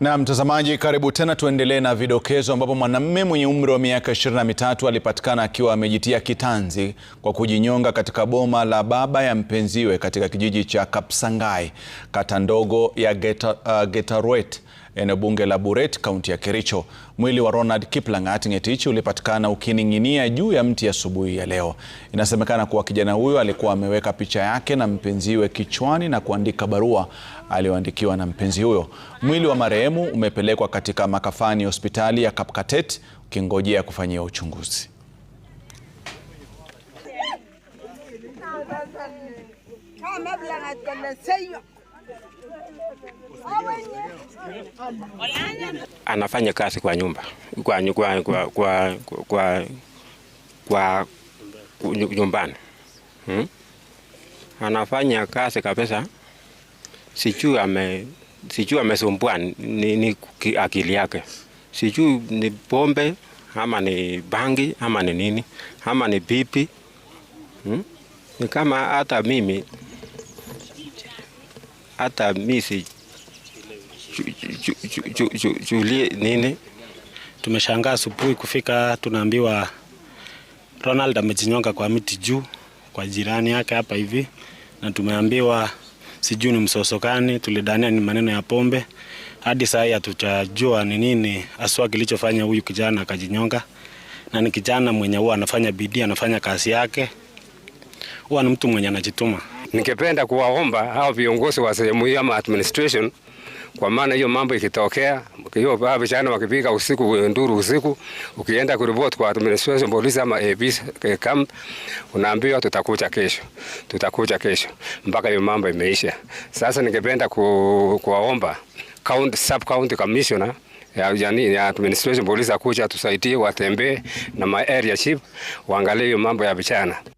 Na mtazamaji, karibu tena, tuendelee na vidokezo ambapo mwanamume mwenye umri wa miaka 23 alipatikana akiwa amejitia kitanzi kwa kujinyonga katika boma la baba ya mpenziwe katika kijiji cha Kapsangai, kata ndogo ya Geta, uh, Getaruet eneo bunge la Buret, kaunti ya Kericho. Mwili wa Ronald Kiplangat Ngetich ulipatikana ukining'inia juu ya mti asubuhi ya, ya leo. Inasemekana kuwa kijana huyo alikuwa ameweka picha yake na mpenziwe kichwani na kuandika barua aliyoandikiwa na mpenzi huyo. Mwili wa marehemu umepelekwa katika makafani ya hospitali ya Kapkatet ukingojea kufanyia uchunguzi. Anafanya kazi kwa nyumba kwa, kwa, kwa, kwa, kwa, kwa nyumbani hmm? Anafanya kazi kabisa, sijui ame sijui amesumbua ni, ni akili yake, sijui ni pombe ama ni bangi ama ni nini ama ni pipi hmm? Ni kama hata mimi hata mi julie nini. Tumeshangaa asubuhi kufika, tunaambiwa Ronald amejinyonga kwa miti juu kwa jirani yake hapa hivi, na tumeambiwa sijui ni msosokani, tulidania ni maneno ya pombe. Hadi saa hii hatujajua ni nini aswa kilichofanya huyu kijana akajinyonga, na ni kijana mwenye huwa anafanya bidii, anafanya kazi yake, huwa ni mtu mwenye anajituma. Ningependa kuwaomba hao viongozi wa sehemu hii ama administration, kwa maana hiyo mambo ikitokea hiyo baba vijana wakipiga usiku nduru usiku, ukienda kuripoti kwa administration polisi ama ABC eh, camp, unaambiwa tutakuja kesho, tutakuja kesho, mpaka hiyo mambo imeisha. Sasa ningependa ku, kuwaomba county sub county commissioner ya, yani, ya administration polisi akuja tusaidie, watembee na ma area chief waangalie hiyo mambo ya vijana.